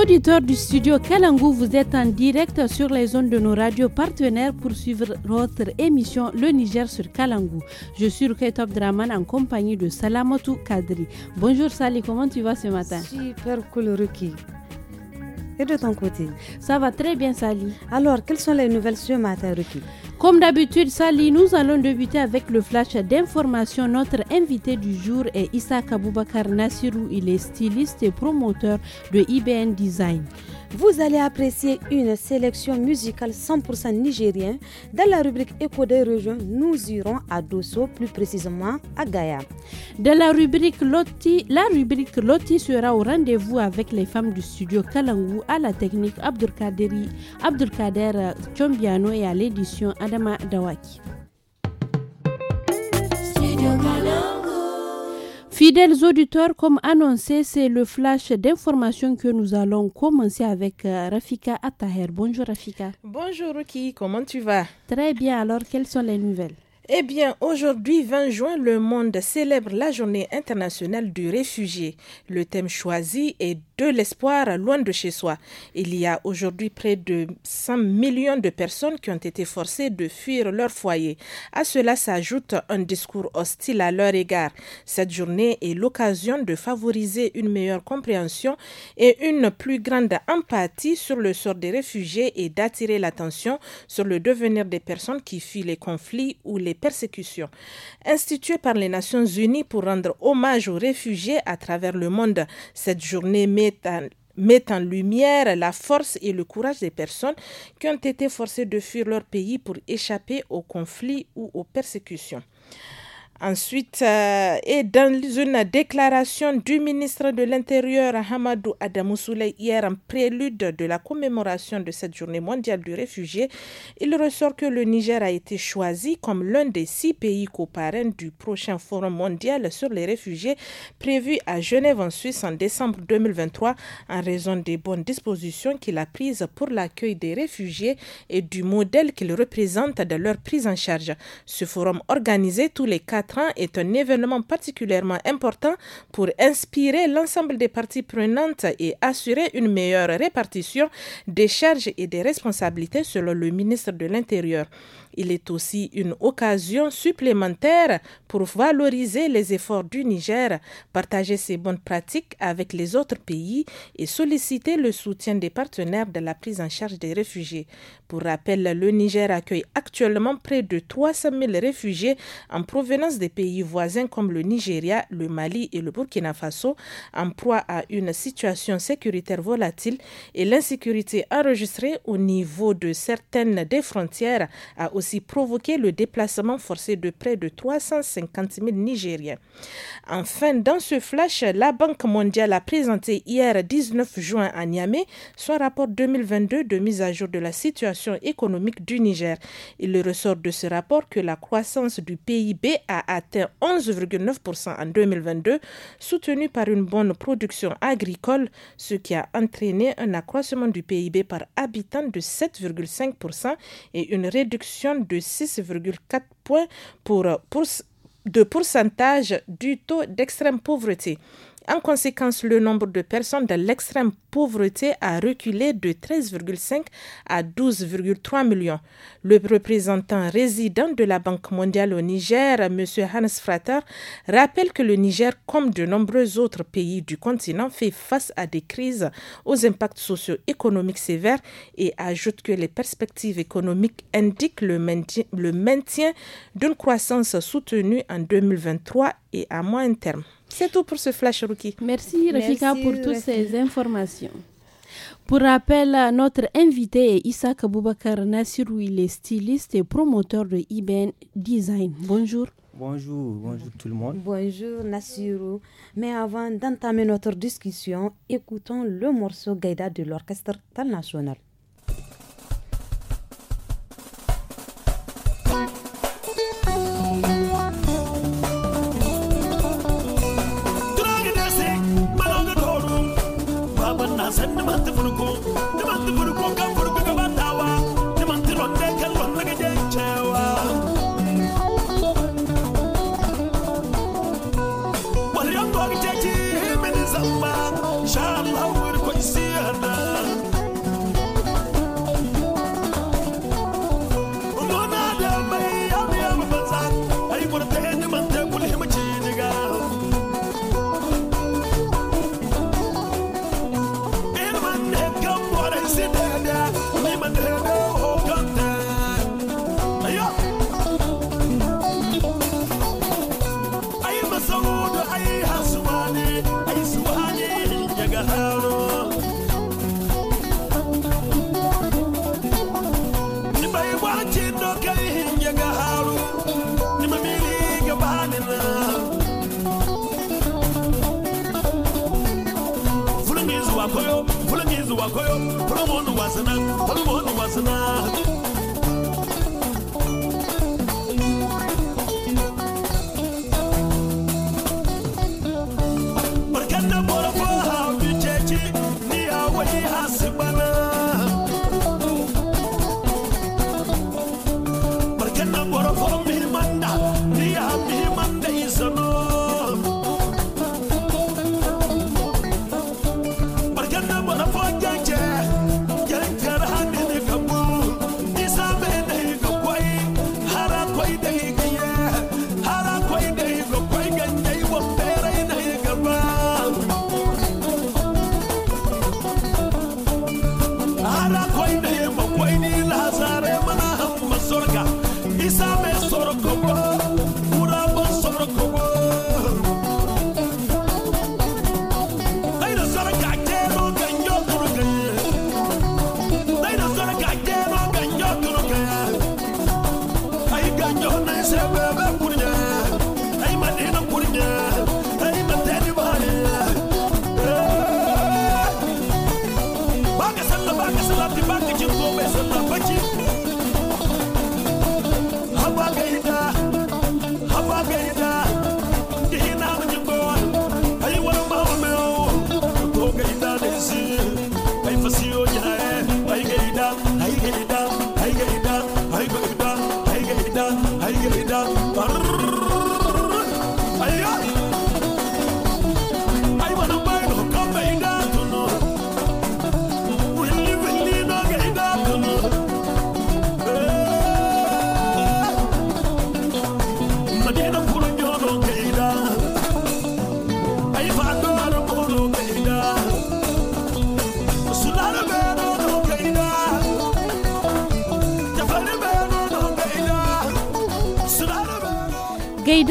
auditeurs du studio Kalangou, vous êtes en direct sur les zones de nos radios partenaires pour suivre notre émission Le Niger sur Kalangou. Je suis Top Draman en compagnie de Salamotu Kadri. Bonjour Sali, comment tu vas ce matin Super cool Ruki. Et de ton côté Ça va très bien, Sali. Alors, quelles sont les nouvelles ce matin, Comme d'habitude, Sally, nous allons débuter avec le flash d'information. Notre invité du jour est Issa Kaboubakar Nassirou. Il est styliste et promoteur de IBN Design vous allez apprécier une sélection musicale 100% nigérienne. Dans la rubrique Écho des régions, nous irons à Dosso, plus précisément à Gaïa. Dans la rubrique Loti, la rubrique Loti sera au rendez-vous avec les femmes du studio Kalangu à la technique Abdulkaderi, Abdulkader Chombiano et à l'édition Adama Dawaki. Fidèles auditeurs, comme annoncé, c'est le flash d'information que nous allons commencer avec euh, Rafika Attaher. Bonjour Rafika. Bonjour Ruki, comment tu vas Très bien, alors quelles sont les nouvelles eh bien, aujourd'hui 20 juin, le monde célèbre la journée internationale du réfugié. Le thème choisi est de l'espoir loin de chez soi. Il y a aujourd'hui près de 100 millions de personnes qui ont été forcées de fuir leur foyer. À cela s'ajoute un discours hostile à leur égard. Cette journée est l'occasion de favoriser une meilleure compréhension et une plus grande empathie sur le sort des réfugiés et d'attirer l'attention sur le devenir des personnes qui fuient les conflits ou les persécutions. Instituée par les Nations Unies pour rendre hommage aux réfugiés à travers le monde, cette journée met met en lumière la force et le courage des personnes qui ont été forcées de fuir leur pays pour échapper aux conflits ou aux persécutions. Ensuite, euh, et dans une déclaration du ministre de l'Intérieur, Hamadou Adamousouley, hier en prélude de la commémoration de cette journée mondiale du réfugié, il ressort que le Niger a été choisi comme l'un des six pays coparrains du prochain Forum mondial sur les réfugiés prévu à Genève en Suisse en décembre 2023 en raison des bonnes dispositions qu'il a prises pour l'accueil des réfugiés et du modèle qu'il représente dans leur prise en charge. Ce forum organisé tous les quatre est un événement particulièrement important pour inspirer l'ensemble des parties prenantes et assurer une meilleure répartition des charges et des responsabilités selon le ministre de l'Intérieur. Il est aussi une occasion supplémentaire pour valoriser les efforts du Niger, partager ses bonnes pratiques avec les autres pays et solliciter le soutien des partenaires de la prise en charge des réfugiés. Pour rappel, le Niger accueille actuellement près de 300 000 réfugiés en provenance des pays voisins comme le Nigeria, le Mali et le Burkina Faso, en proie à une situation sécuritaire volatile et l'insécurité enregistrée au niveau de certaines des frontières aussi provoqué le déplacement forcé de près de 350 000 Nigériens. Enfin, dans ce flash, la Banque mondiale a présenté hier 19 juin à Niamey son rapport 2022 de mise à jour de la situation économique du Niger. Il ressort de ce rapport que la croissance du PIB a atteint 11,9% en 2022, soutenue par une bonne production agricole, ce qui a entraîné un accroissement du PIB par habitant de 7,5% et une réduction de 6,4 points euh, de pourcentage du taux d'extrême pauvreté. En conséquence, le nombre de personnes dans l'extrême pauvreté a reculé de 13,5 à 12,3 millions. Le représentant résident de la Banque mondiale au Niger, M. Hans Frater, rappelle que le Niger, comme de nombreux autres pays du continent, fait face à des crises aux impacts socio-économiques sévères et ajoute que les perspectives économiques indiquent le maintien, d'une croissance soutenue en 2023 et à moyen terme. C'est tout pour ce flash rookie. Merci Rafika pour toutes ces informations. Pour rappel, notre invité est Issa Kaboubakar Nassirou, il est styliste et promoteur de IBN Design. Bonjour. Bonjour, bonjour tout le monde. Bonjour Nassirou. Mais avant d'entamer notre discussion, écoutons le morceau Gaïda de l'orchestre international. san da matta farko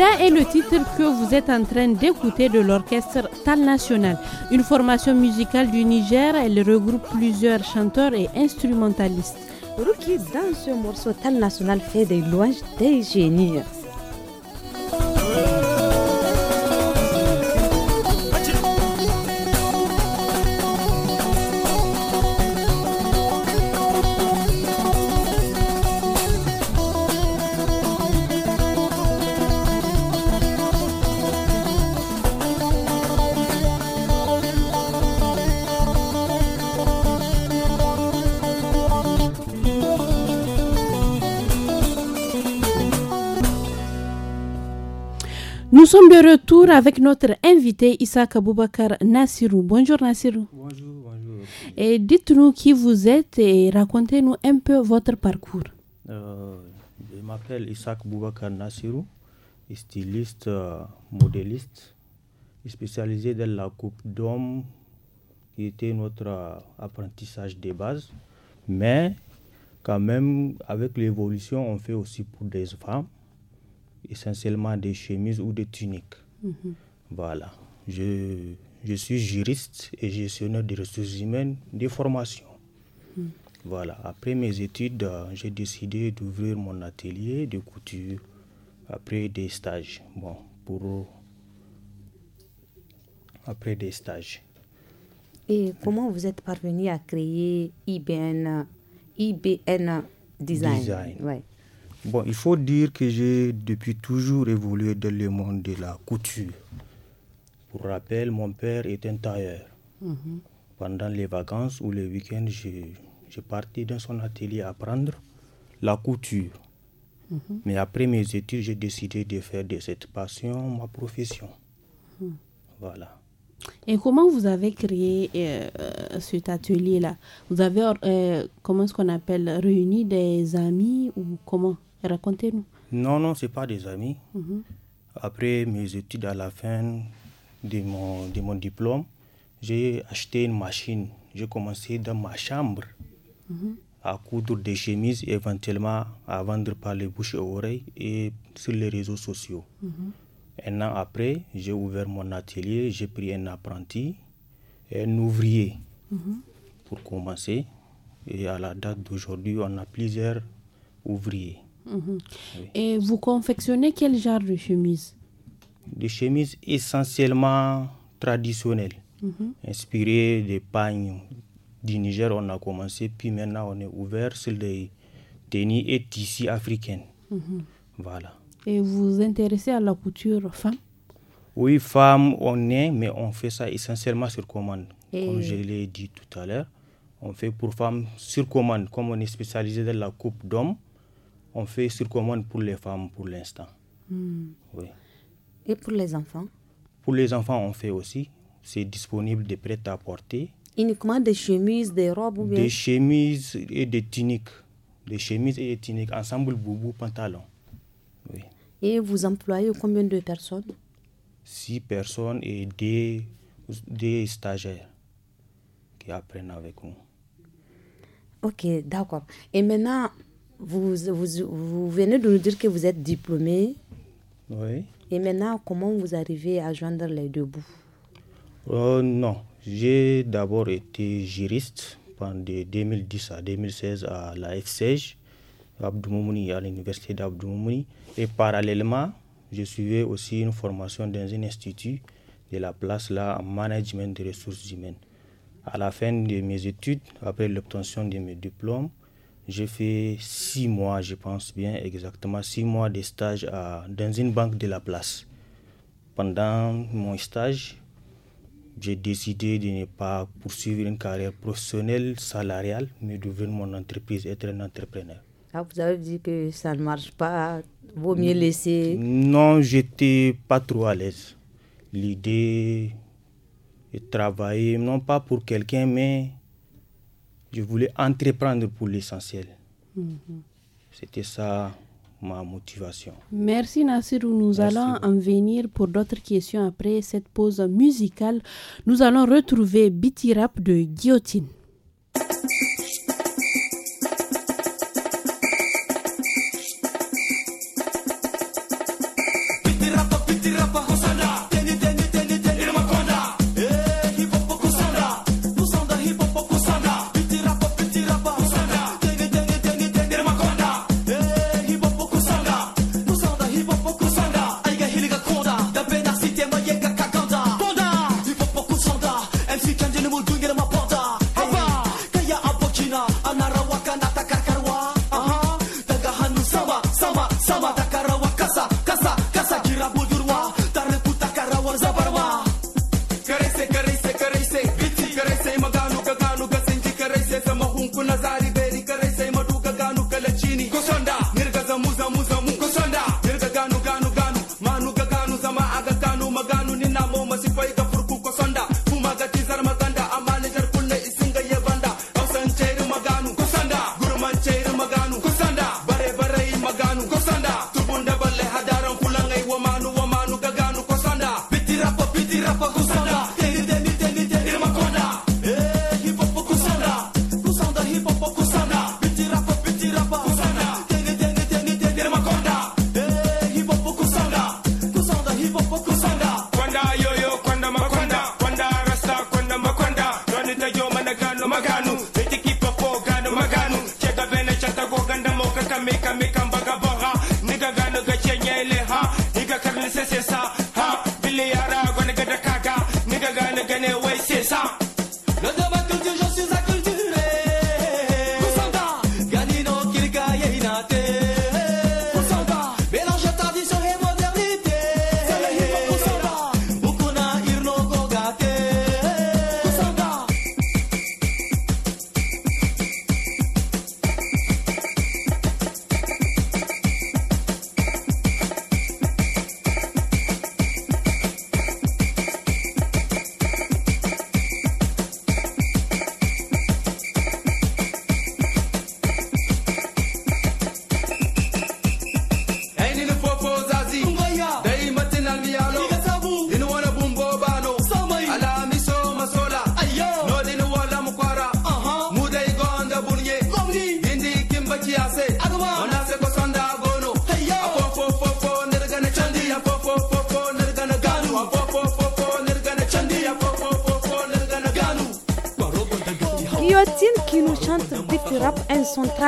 C'est est le titre que vous êtes en train d'écouter de l'orchestre Tal National. Une formation musicale du Niger, elle regroupe plusieurs chanteurs et instrumentalistes. Ruki, dans ce morceau, Tal National fait des louanges des de retour avec notre invité Isaac Boubacar Nassirou. Bonjour Nassirou. Bonjour, bonjour. Et dites-nous qui vous êtes et racontez-nous un peu votre parcours. Euh, je m'appelle Isaac Boubacar Nassirou, styliste, euh, modéliste, spécialisé dans la coupe d'hommes, qui était notre euh, apprentissage de base. Mais quand même, avec l'évolution, on fait aussi pour des femmes essentiellement des chemises ou des tuniques. Mhm. Voilà. Je, suis juriste et gestionnaire des ressources humaines de formation. Mhm. Voilà. Après mes études, euh, j'ai décidé d'ouvrir mon atelier de couture après des stages. Bon, pour après des stages. Et comment vous êtes parvenu à créer IBN, IBN Design, Design. Ouais. Bon, il faut dire que j'ai depuis toujours évolué dans le monde de la couture. Pour rappel, mon père est un tailleur. Mhm. Pendant les vacances ou les week-ends, j'ai parti dans son atelier apprendre la couture. Mhm. Mais après mes études, j'ai décidé de faire de cette passion ma profession. Mhm. Voilà. Et comment vous avez créé euh, euh, cet atelier-là Vous avez, euh, comment est-ce qu'on appelle, réuni des amis ou comment Racontez-nous. Non, non, ce pas des amis. Mhm. Après mes études, à la fin de mon, de mon diplôme, j'ai acheté une machine. J'ai commencé dans ma chambre mhm. à coudre des chemises, éventuellement à vendre par les bouches et oreilles et sur les réseaux sociaux. Mhm. Un an après, j'ai ouvert mon atelier, j'ai pris un apprenti un ouvrier pour commencer. Et à la date d'aujourd'hui, on a plusieurs ouvriers. Mhm. Et vous confectionnez quel genre de chemise Des chemises essentiellement traditionnelles, mhm. inspirées des pagnes du Niger. On a commencé, puis maintenant on est ouvert sur des tenues et tissus africains. Mhm. Voilà. Et vous vous intéressez à la couture femme Oui, femme, on est, mais on fait ça essentiellement sur commande. Comme je l'ai dit tout à l'heure, on fait pour femme sur commande, comme on est spécialisé dans la coupe d'hommes on fait sur commande pour les femmes pour l'instant. Hmm. Et pour les enfants Pour les enfants, on fait aussi. C'est disponible de prêt à porter. Uniquement des chemises, des robes Des chemises et des tuniques. Des chemises et des tuniques, ensemble boubou, pantalon. Oui. Et vous employez combien de personnes Six personnes et des, des stagiaires qui apprennent avec nous. Ok, d'accord. Et maintenant, vous, venez de nous dire que vous êtes diplômé. Oui. Et maintenant, comment vous arrivez à joindre les deux bouts euh, Non, j'ai d'abord été juriste pendant 2010 à 2016 à la FCEJ, à l'université d'Abdou Moumouni. Et parallèlement, je suivais aussi une formation dans un institut de la place là en management des ressources humaines. À la fin de mes études, après l'obtention de mes diplômes, j'ai fait six mois, je pense bien exactement, six mois de stage à, dans une banque de la place. Pendant mon stage, j'ai décidé de ne pas poursuivre une carrière professionnelle salariale, mais d'ouvrir mon entreprise, être un entrepreneur. Ah, vous avez dit que ça ne marche pas, vaut mieux laisser. Non, j'étais pas trop à l'aise. L'idée de travailler, non pas pour quelqu'un, mais je voulais entreprendre pour l'essentiel. Mhm. C'était ça ma motivation. Merci Nassirou. Nous allons en venir pour d'autres questions après cette pause musicale. Nous allons retrouver Rap de Guillotine.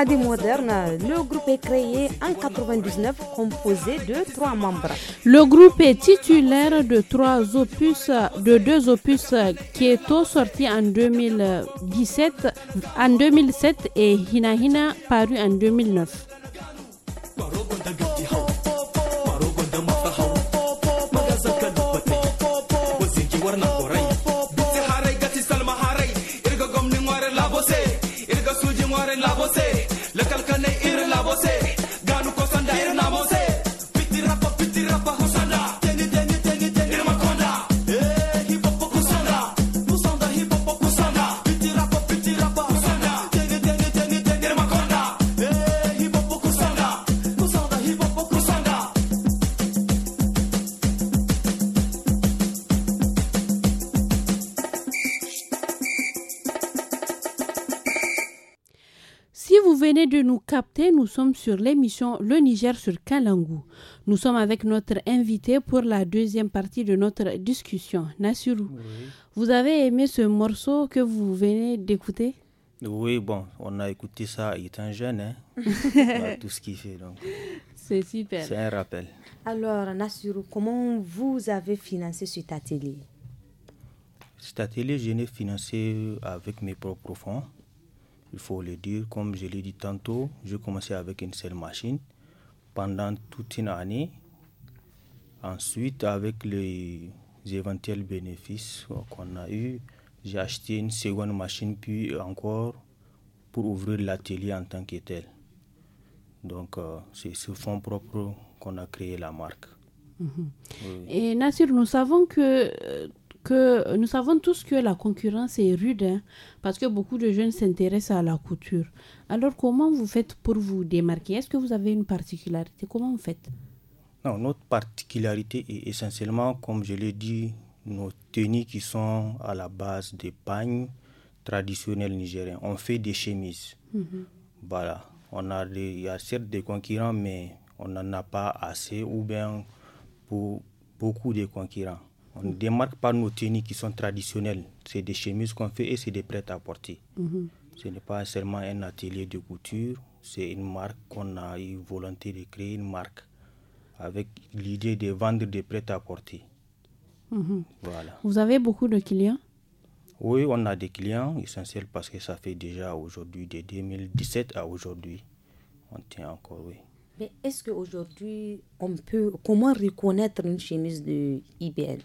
le groupe est créé en 99, composé de trois membres. Le groupe est titulaire de trois opus, de deux opus qui sorti en 2017, en 2007 et Hinahina paru en 2009. venez de nous capter, nous sommes sur l'émission Le Niger sur Kalangou. Nous sommes avec notre invité pour la deuxième partie de notre discussion, Nassirou. Vous avez aimé ce morceau que vous venez d'écouter Oui, bon, on a écouté ça étant jeune, hein. tout ce qu'il fait. Donc. C'est super. C'est un rappel. Alors, Nassirou, comment vous avez financé cet atelier Cet atelier, je l'ai financé avec mes propres fonds il faut le dire. Comme je l'ai dit tantôt, je commencé avec une seule machine pendant toute une année. Ensuite, avec les éventuels bénéfices qu'on a eu j'ai acheté une seconde machine, puis encore pour ouvrir l'atelier en tant que tel. Donc, euh, c'est ce fonds propre qu'on a créé la marque. Mhm. Et nature nous savons que euh, que nous savons tous que la concurrence est rude hein, parce que beaucoup de jeunes s'intéressent à la couture. Alors comment vous faites pour vous démarquer Est-ce que vous avez une particularité Comment vous faites non, notre particularité est essentiellement, comme je l'ai dit, nos tenues qui sont à la base des pagnes traditionnelles nigériennes. On fait des chemises. Mhm. Voilà. On a il y a certes des concurrents, mais on n'en a pas assez ou bien pour beaucoup de concurrents. On ne démarque pas nos tenues qui sont traditionnelles. C'est des chemises qu'on fait et c'est des prêts à porter. Mhm. Ce n'est pas seulement un atelier de couture, c'est une marque qu'on a eu volonté de créer, une marque, avec l'idée de vendre des prêts à porter. Mhm. Voilà. Vous avez beaucoup de clients Oui, on a des clients essentiels parce que ça fait déjà aujourd'hui, de 2017 à aujourd'hui, on tient encore, oui. Mais est-ce qu'aujourd'hui, on peut, comment reconnaître une chemise de IBL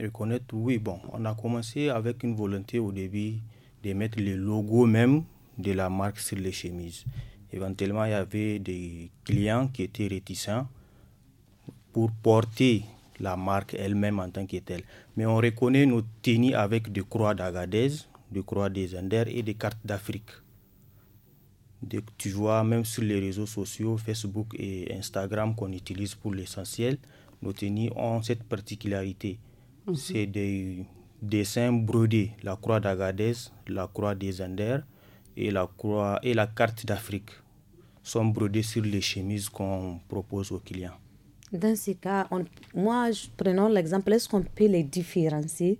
reconnaître, oui, bon, on a commencé avec une volonté au début de mettre le logo même de la marque sur les chemises. Éventuellement, il y avait des clients qui étaient réticents pour porter la marque elle-même en tant que telle. Mais on reconnaît nos tenues avec des croix d'Agadez, des croix des Anders et des cartes d'Afrique. Tu vois, même sur les réseaux sociaux, Facebook et Instagram qu'on utilise pour l'essentiel, nos tenues ont cette particularité. Mhm. C'est des dessins brodés, la croix d'Agadez, la croix des Anders et la, croix, et la carte d'Afrique sont brodés sur les chemises qu'on propose aux clients. Dans ce cas, moi, je, prenons l'exemple, est-ce qu'on peut les différencier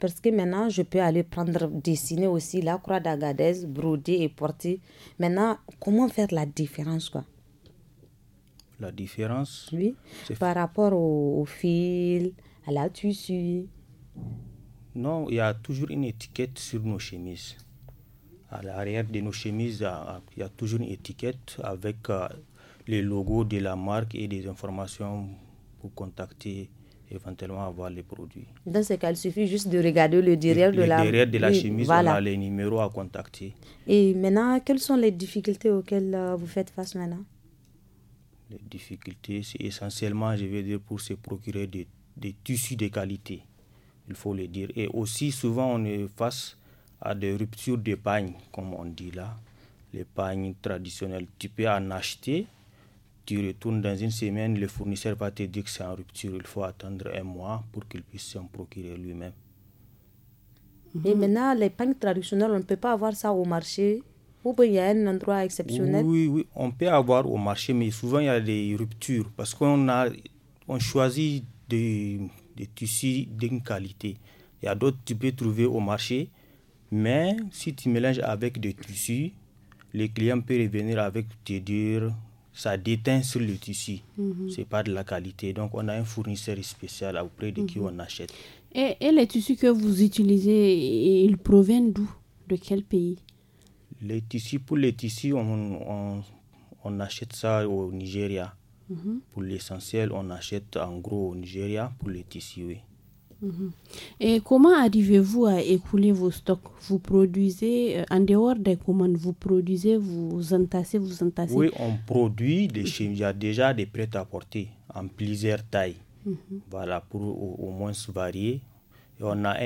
Parce que maintenant, je peux aller prendre, dessiner aussi la croix d'Agadez, broder et porter. Maintenant, comment faire la différence quoi La différence Oui, par rapport au fil, à tu suis Non, il y a toujours une étiquette sur nos chemises. À l'arrière de nos chemises, il y a toujours une étiquette avec euh, les logos de la marque et des informations pour contacter éventuellement avoir les produits. Dans ce cas, il suffit juste de regarder le derrière de la de la chemise, voilà. on a les numéros à contacter. Et maintenant, quelles sont les difficultés auxquelles euh, vous faites face maintenant Les difficultés, c'est essentiellement, je vais dire, pour se procurer des des tissus de qualité, il faut le dire. Et aussi, souvent, on est face à des ruptures de pagnes, comme on dit là. Les pagnes traditionnelles, tu peux en acheter, tu retournes dans une semaine, le fournisseur va te dire que c'est en rupture, il faut attendre un mois pour qu'il puisse s'en procurer lui-même. Et maintenant, les pagnes traditionnelles, on ne peut pas avoir ça au marché ou bien il y a un endroit exceptionnel Oui, oui, on peut avoir au marché, mais souvent il y a des ruptures parce qu'on a, on choisit des, des tissus d'une qualité. Il y a d'autres que tu peux trouver au marché, mais si tu mélanges avec des tissus, les clients peuvent revenir avec te dire ça déteint sur le tissu. Mhm. C'est pas de la qualité. Donc, on a un fournisseur spécial auprès de qui mhm. on achète. Et, et, les tissus que vous utilisez, ils proviennent d'où De quel pays Les tissus, pour les tissus, on, on, on achète ça au Nigeria. Mhm. Pour l'essentiel, on achète en gros au Nigeria pour les tissus. Mhm. Et comment arrivez-vous à écouler vos stocks Vous produisez, euh, en dehors des commandes, vous produisez, vous entassez, vous entassez Oui, on produit des il y a déjà des prêts-à-porter en plusieurs tailles. Mhm. Voilà, pour au, moins se varier. Et on a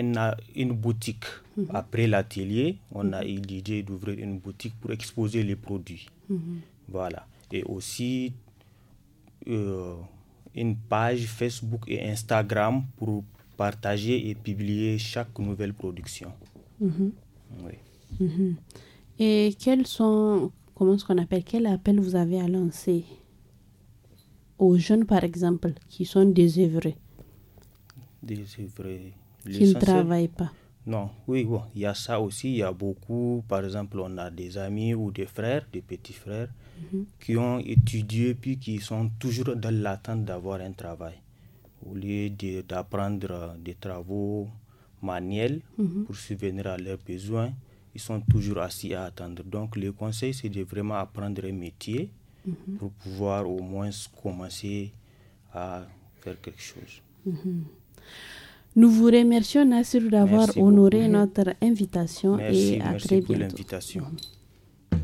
une, boutique. Après l'atelier, on a eu l'idée d'ouvrir une boutique pour exposer les produits. Voilà. Et aussi, euh, une page Facebook et Instagram pour partager et publier chaque nouvelle production. Mhm. Mhm. Et quels sont, comment ce qu'on appelle, quel appel vous avez à lancer aux jeunes, par exemple, qui sont désœuvrés Désœuvrés. Qui ne travaillent pas. Non, oui, bon, il y a ça aussi, il y a beaucoup, par exemple, on a des amis ou des frères, des petits frères, Mhm. qui ont étudié puis qui sont toujours dans l'attente d'avoir un travail. Au lieu d'apprendre euh, des travaux manuels mhm. pour subvenir à leurs besoins, ils sont toujours assis à attendre. Donc le conseil, c'est de vraiment apprendre un métier mhm. pour pouvoir au moins commencer à faire quelque chose. Nous vous remercions, d'avoir honoré notre invitation merci, et à pour bientôt.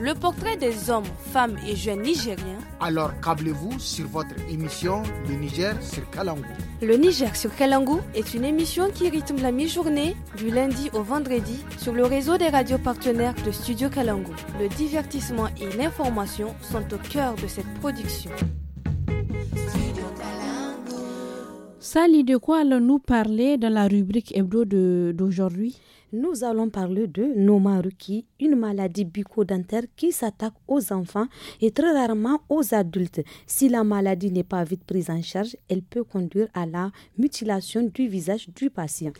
le portrait des hommes, femmes et jeunes nigériens. Alors câblez-vous sur votre émission Le Niger sur Kalangou. Le Niger sur Kalangou est une émission qui rythme la mi-journée du lundi au vendredi sur le réseau des radios partenaires de Studio Kalangou. Le divertissement et l'information sont au cœur de cette production. Salut, de quoi allons-nous parler dans la rubrique hebdo d'aujourd'hui nous allons parler de Nomaruki, une maladie buccodentaire qui s'attaque aux enfants et très rarement aux adultes. Si la maladie n'est pas vite prise en charge, elle peut conduire à la mutilation du visage du patient.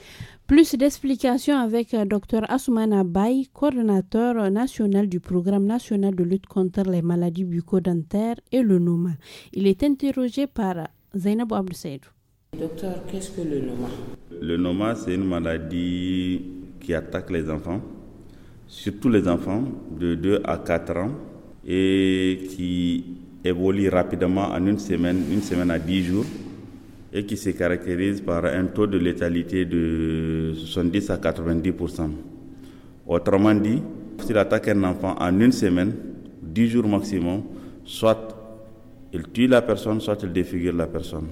Plus d'explications avec euh, Dr Asumana Bay, coordonnateur national du programme national de lutte contre les maladies bucco et le Noma. Il est interrogé par Zainab Abdou Docteur, qu'est-ce que le Noma Le Noma, c'est une maladie qui attaquent les enfants, surtout les enfants de 2 à 4 ans et qui évolue rapidement en une semaine, une semaine à 10 jours et qui se caractérise par un taux de létalité de 70 à 90 Autrement dit, s'il attaque un enfant en une semaine, 10 jours maximum, soit il tue la personne, soit il défigure la personne.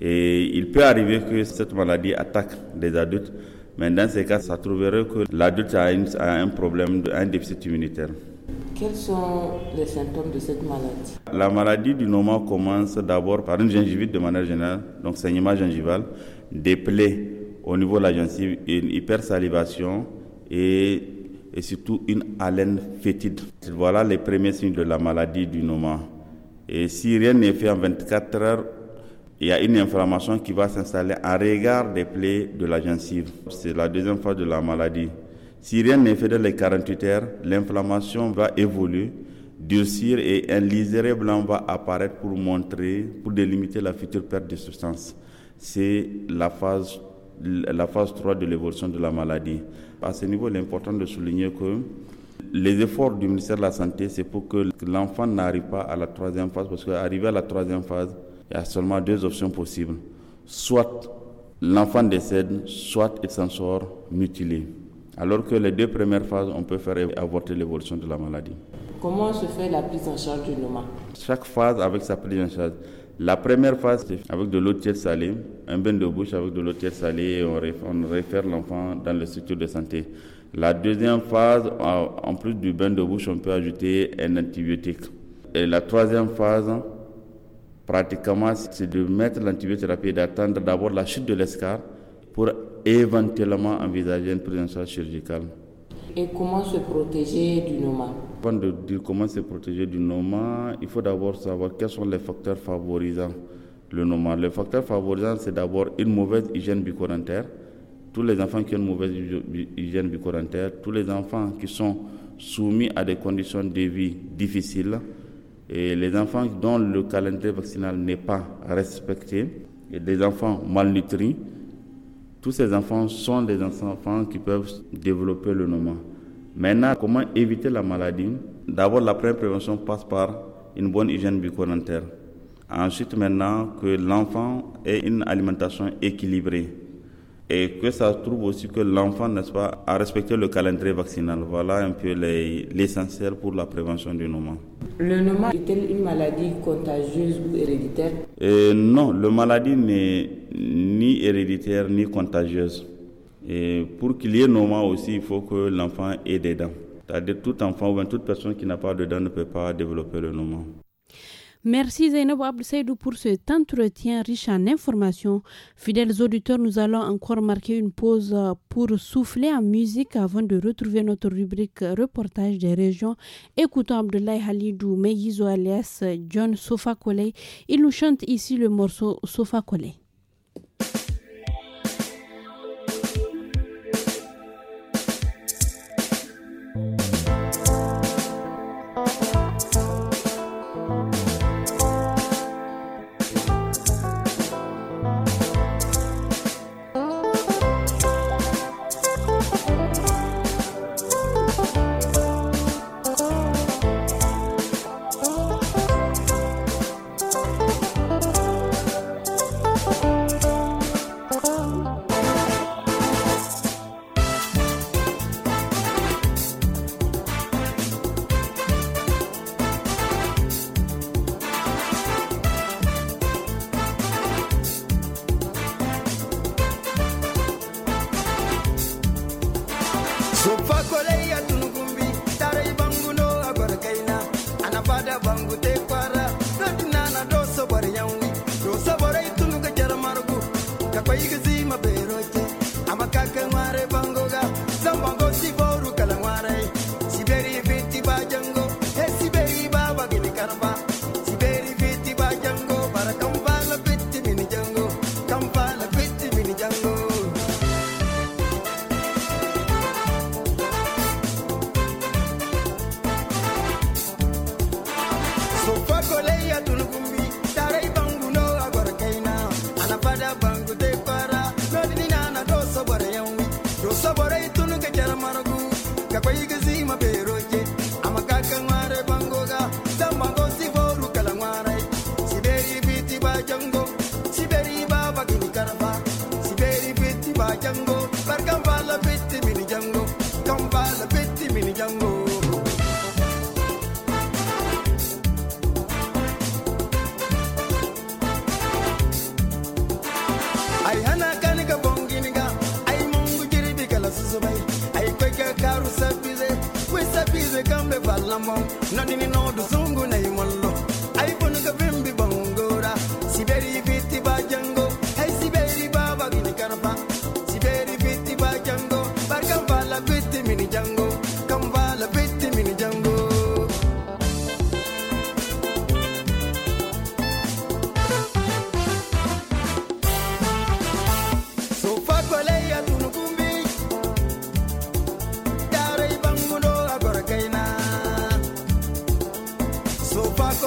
Et il peut arriver que cette maladie attaque des adultes mais dans ces cas, ça trouverait que l'adulte a, a, un problème, un déficit immunitaire. Quels sont les symptômes de cette maladie La maladie du noma commence d'abord par une gingivite de manière générale, donc saignement gingival, des plaies au niveau de la gencive, une hypersalivation et, et surtout une haleine fétide. Voilà les premiers signes de la maladie du noma. Et si rien n'est fait en 24 heures, il y a une inflammation qui va s'installer en regard des plaies de la gencive. C'est la deuxième phase de la maladie. Si rien n'est fait dans les 48 heures, l'inflammation va évoluer, durcir et un liséré blanc va apparaître pour montrer, pour délimiter la future perte de substance. C'est la phase, la phase 3 de l'évolution de la maladie. À ce niveau, il est important de souligner que les efforts du ministère de la Santé, c'est pour que l'enfant n'arrive pas à la troisième phase, parce qu'arriver à la troisième phase, il y a seulement deux options possibles. Soit l'enfant décède, soit il s'en sort mutilé. Alors que les deux premières phases, on peut faire avorter l'évolution de la maladie. Comment se fait la prise en charge du noma Chaque phase avec sa prise en charge. La première phase, c'est avec de l'eau tiède salée, un bain de bouche avec de l'eau tiède salée et on réfère, l'enfant dans le structure de santé. La deuxième phase, en plus du bain de bouche, on peut ajouter un antibiotique. Et la troisième phase, pratiquement, c'est de mettre l'antibiothérapie et d'attendre d'abord la chute de l'escar pour éventuellement envisager une prise en charge chirurgicale. Et comment se protéger du noma Avant de dire comment se protéger du noma, il faut d'abord savoir quels sont les facteurs favorisant le noma. Les facteurs favorisants, c'est d'abord une mauvaise hygiène bucco Tous les enfants qui ont une mauvaise hygiène bucco tous les enfants qui sont soumis à des conditions de vie difficiles, et les enfants dont le calendrier vaccinal n'est pas respecté, et des enfants malnutris, tous ces enfants sont des enfants qui peuvent développer le noma. Maintenant, comment éviter la maladie D'abord, la première prévention passe par une bonne hygiène bucco-dentaire. Ensuite, maintenant, que l'enfant ait une alimentation équilibrée et que ça trouve aussi que l'enfant, n'est-ce pas, a respecté le calendrier vaccinal. Voilà un peu l'essentiel pour la prévention du noma. Le noma est-elle une maladie contagieuse ou héréditaire euh, Non, le maladie n'est ni héréditaire ni contagieuse. Et pour qu'il y ait noma aussi, il faut que l'enfant ait des dents. C'est-à-dire tout enfant ou toute personne qui n'a pas de dents ne peut pas développer le noma. Merci Zainab Saïdou pour cet entretien riche en informations. Fidèles auditeurs, nous allons encore marquer une pause pour souffler en musique avant de retrouver notre rubrique reportage des régions. Écoutons Abdoulaye Halidou Meyizo alias John Sofa Il nous chante ici le morceau Sofa Kapaigazima beroche, amakaka mare bango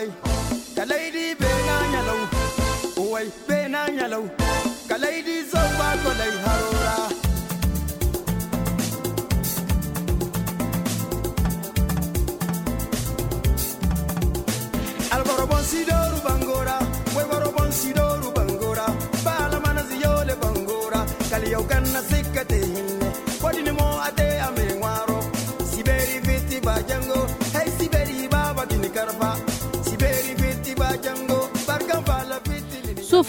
kalai kalai di be na nyalo oi be na nyalo kalai di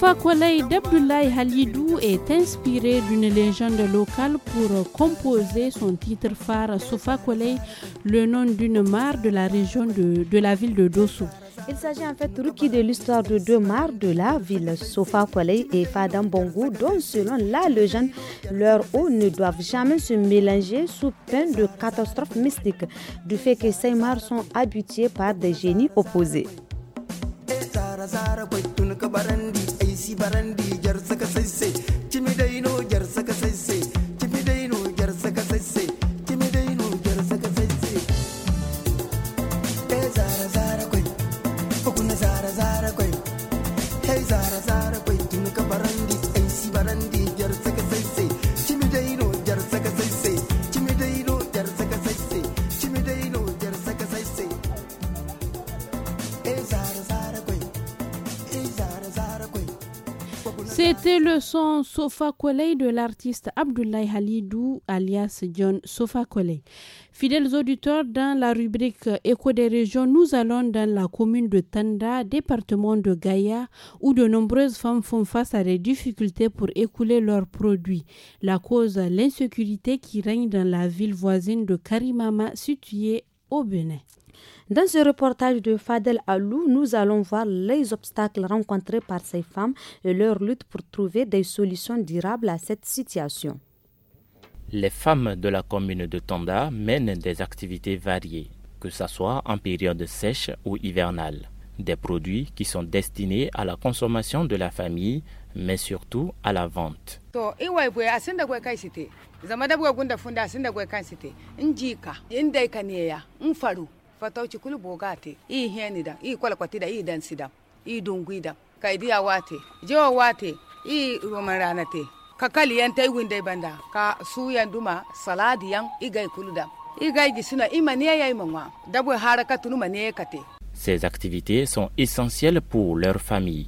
Kolei d'Abdoulaye Halidou est inspiré d'une légende locale pour composer son titre phare Soufa Kolei, le nom d'une mare de la région de, la ville de Dosso. Il s'agit en fait, de l'histoire de deux mares de la ville, Sofa Kolei et Fadam Bongo, dont selon la légende, leurs eaux ne doivent jamais se mélanger sous peine de catastrophes mystiques, du fait que ces mares sont habitées par des génies opposés barandi jar saka sai C'était le son Sofa Kolei de l'artiste Abdoulaye Halidou alias John Sofa Kolei. Fidèles auditeurs, dans la rubrique Écho des régions, nous allons dans la commune de Tanda, département de Gaïa, où de nombreuses femmes font face à des difficultés pour écouler leurs produits. La cause, l'insécurité qui règne dans la ville voisine de Karimama, située au Bénin. Dans ce reportage de Fadel Alou, nous allons voir les obstacles rencontrés par ces femmes et leur lutte pour trouver des solutions durables à cette situation. Les femmes de la commune de Tonda mènent des activités variées, que ce soit en période sèche ou hivernale. Des produits qui sont destinés à la consommation de la famille, mais surtout à la vente fatauci kulu bogate i henida i kwalkwatida i dansida i dunguida kaidiya wate jewa wate i banda ka suyan duma saladiyan igai kuluda igai gisuna imaniya yai manwa dabo harakatunu maniya kate Ces activités sont essentielles pour leur famille.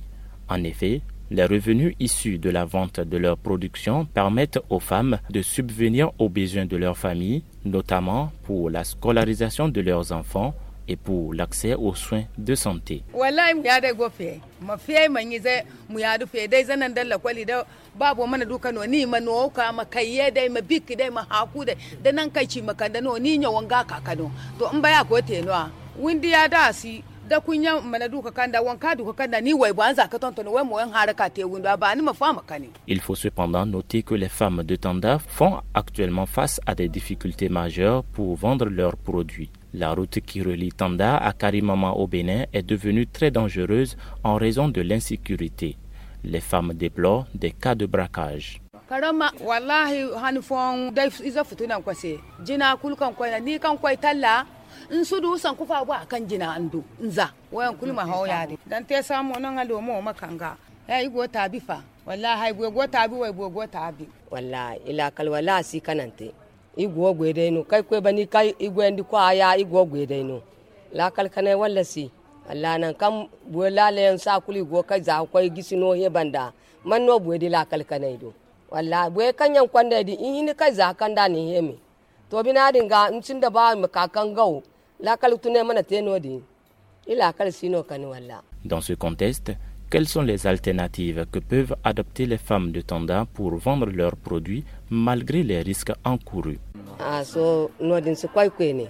En effet, les revenus issus de la vente de leur production permettent aux femmes de subvenir aux besoins de leur famille, notamment pour la scolarisation de leurs enfants et pour l'accès aux soins de santé. Il faut cependant noter que les femmes de Tanda font actuellement face à des difficultés majeures pour vendre leurs produits. La route qui relie Tanda à Karimama au Bénin est devenue très dangereuse en raison de l'insécurité. Les femmes déplorent des cas de braquage. in sudu san kufa a kan jina ando nza wayan ma hawya de dan te samu nan alo mo makanga ya yi gota bi fa wallahi go gota bi wai go gota bi wallahi ila kal wallahi si kanante igwo gwe dai no kai kwe bani kai igwe ndi kwa ya igwo gwe dai no la kal kanai wallasi Allah nan kan buwe yan sa kuli go kai za kwai no he banda man no buwe de la kal kanai do wallahi kan yan kwanda di in ni kai za kan da ni he mi to binadin ga ncin da ba mu kakan gau lakal tune mana tenodi ila kal sino kan wala dans ce contexte Quelles sont les alternatives que peuvent adopter les femmes de Tanda pour vendre leurs produits malgré les risques encourus ah, so, nodin su ne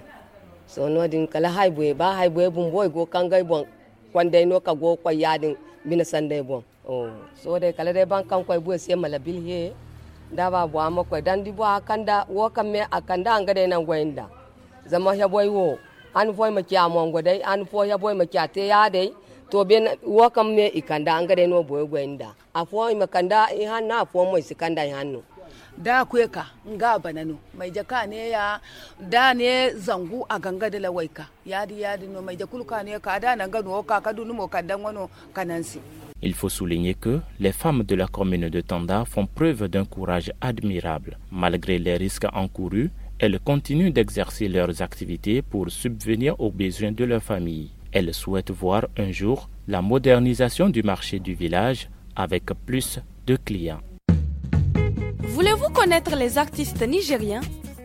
so nodin kala haibuye ba haibuye bun boy go kangai bon kwandai no ka go kwayadin bina sandai bon oh so dai kala dai ban kan kwai buye sai malabil he da ba bwa makwai dan di a kanda wo kan me akanda an gade nan da zama ya boy wo an foy ma kya mon go dai an foy ya boy ma kya te ya dai to ben wo kan me ikanda an gade no boy da a foy ma kanda i han na foy mo Kanda i hannu da ka nga nu, mai jaka ne ya da ne zangu a ganga da lawaika yadi yadi no mai jakul ka ne ka da nan gano ka kadunu mo kadan wano kanansi Il faut souligner que les femmes de la commune de Tanda font preuve d'un courage admirable. Malgré les risques encourus, elles continuent d'exercer leurs activités pour subvenir aux besoins de leur famille. Elles souhaitent voir un jour la modernisation du marché du village avec plus de clients. Voulez-vous connaître les artistes nigériens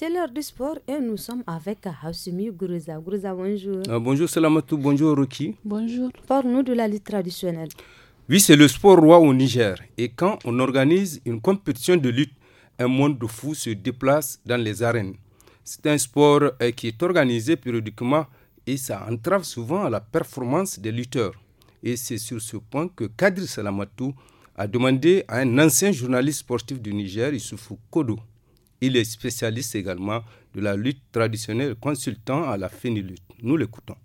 c'est l'heure du sport et nous sommes avec Hassumi Gourouza. Gourouza, bonjour. Euh, bonjour Salamatou, bonjour Rocky. Bonjour. Parle-nous de la lutte traditionnelle. Oui, c'est le sport roi au Niger. Et quand on organise une compétition de lutte, un monde de fous se déplace dans les arènes. C'est un sport euh, qui est organisé périodiquement et ça entrave souvent la performance des lutteurs. Et c'est sur ce point que Kadri Salamatou a demandé à un ancien journaliste sportif du Niger, Issoufou Kodo, il est spécialiste également de la lutte traditionnelle, consultant à la fin lutte. Nous l'écoutons.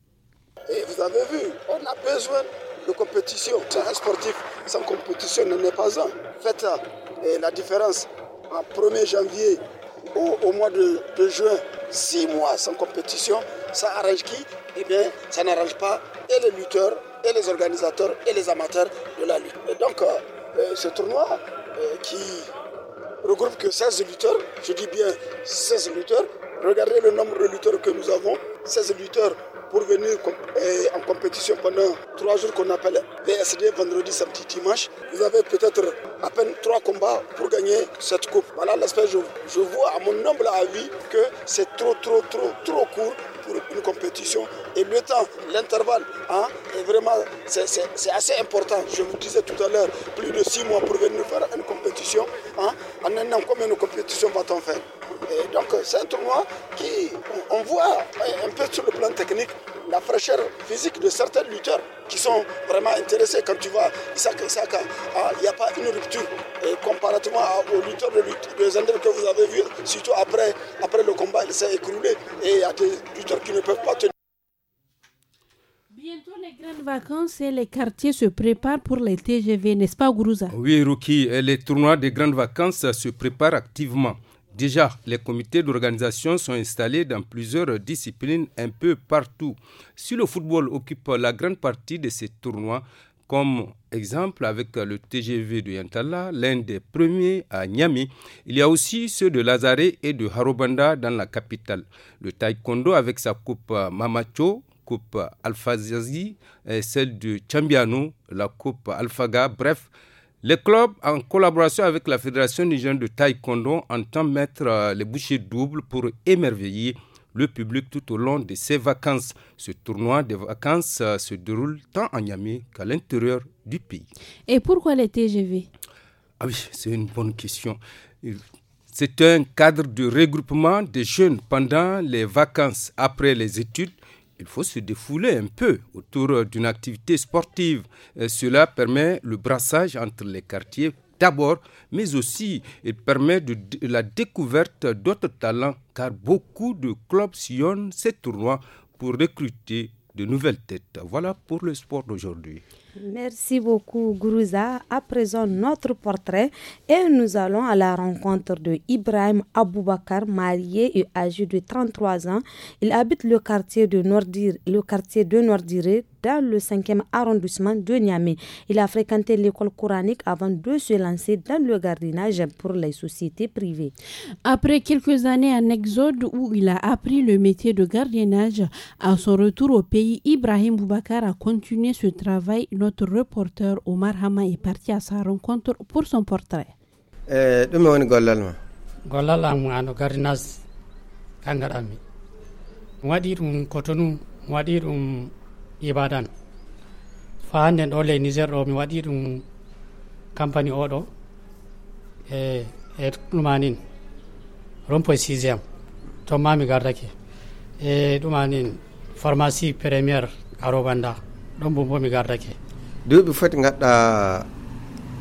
Et vous avez vu, on a besoin de compétition. Un sportif sans compétition n'est pas un. Faites euh, la différence en 1er janvier ou au mois de, juin. Six mois sans compétition, ça arrange qui Eh bien, ça n'arrange pas et les lutteurs, et les organisateurs, et les amateurs de la lutte. donc, euh, euh, ce tournoi qui regroupe que 16 lutteurs, je dis bien 16 lutteurs, regardez le nombre de lutteurs que nous avons, 16 lutteurs pour venir en compétition pendant trois jours qu'on appelle VSD, vendredi, samedi, dimanche. Vous avez peut-être à peine trois combats pour gagner cette coupe. Voilà l'aspect, je, je vois à mon humble avis que c'est trop, trop, trop, trop court pour une compétition. Et le temps, l'intervalle, hein, est vraiment, c'est assez important. Je vous disais tout à l'heure, plus de six mois pour venir faire une Hein. En un an, combien de compétitions va-t-on faire et donc c'est un tournoi qui, on voit hein, un peu sur le plan technique la fraîcheur physique de certains lutteurs qui sont vraiment intéressés. Quand tu vois Isaac Isaka, hein, il n'y a pas une rupture euh, comparativement aux lutteurs de lutte que vous avez vu, surtout après, après le combat, il s'est écroulé et il y a des lutteurs qui ne peuvent pas tenir. Bientôt les grandes vacances et les quartiers se préparent pour les TGV, n'est-ce pas Gourouza Oui, Ruki, les tournois des grandes vacances se préparent activement. Déjà, les comités d'organisation sont installés dans plusieurs disciplines un peu partout. Si le football occupe la grande partie de ces tournois, comme exemple avec le TGV de Yantala, l'un des premiers à Niami, Il y a aussi ceux de Lazare et de Harobanda dans la capitale. Le taekwondo avec sa coupe Mamacho Coupe et celle de Chambiano, la Coupe Alphaga. Bref, les clubs, en collaboration avec la Fédération des Jeunes de taekwondo, entend mettre euh, les bouchées doubles pour émerveiller le public tout au long de ses vacances. Ce tournoi de vacances euh, se déroule tant en Yamé qu'à l'intérieur du pays. Et pourquoi les TGV Ah oui, c'est une bonne question. C'est un cadre de regroupement des jeunes pendant les vacances après les études il faut se défouler un peu autour d'une activité sportive. Euh, cela permet le brassage entre les quartiers d'abord, mais aussi il permet de, la découverte d'autres talents car beaucoup de clubs sillonnent ces tournois pour recruter de nouvelles têtes. Voilà pour le sport d'aujourd'hui. Merci beaucoup, Guruza. À présent, notre portrait et nous allons à la rencontre de Ibrahim Aboubakar, marié et âgé de 33 ans. Il habite le quartier de Nordir, le quartier de dans le 5e arrondissement de Niamey. Il a fréquenté l'école coranique avant de se lancer dans le gardiennage pour les sociétés privées. Après quelques années en exode où il a appris le métier de gardiennage, à son retour au pays, Ibrahim Boubacar a continué ce travail. Notre reporter Omar Hama est parti à sa rencontre pour son portrait. Eh, ibadan fa hannden ɗo ley niger ɗo mi waɗi ɗum compagnie oɗo e e ɗumanin rompoy sixiéme to ma mi gardake e ɗumanin pharmacie premiére arobanda ɗon bo bo mi gardake duuɓi foti gaɗɗa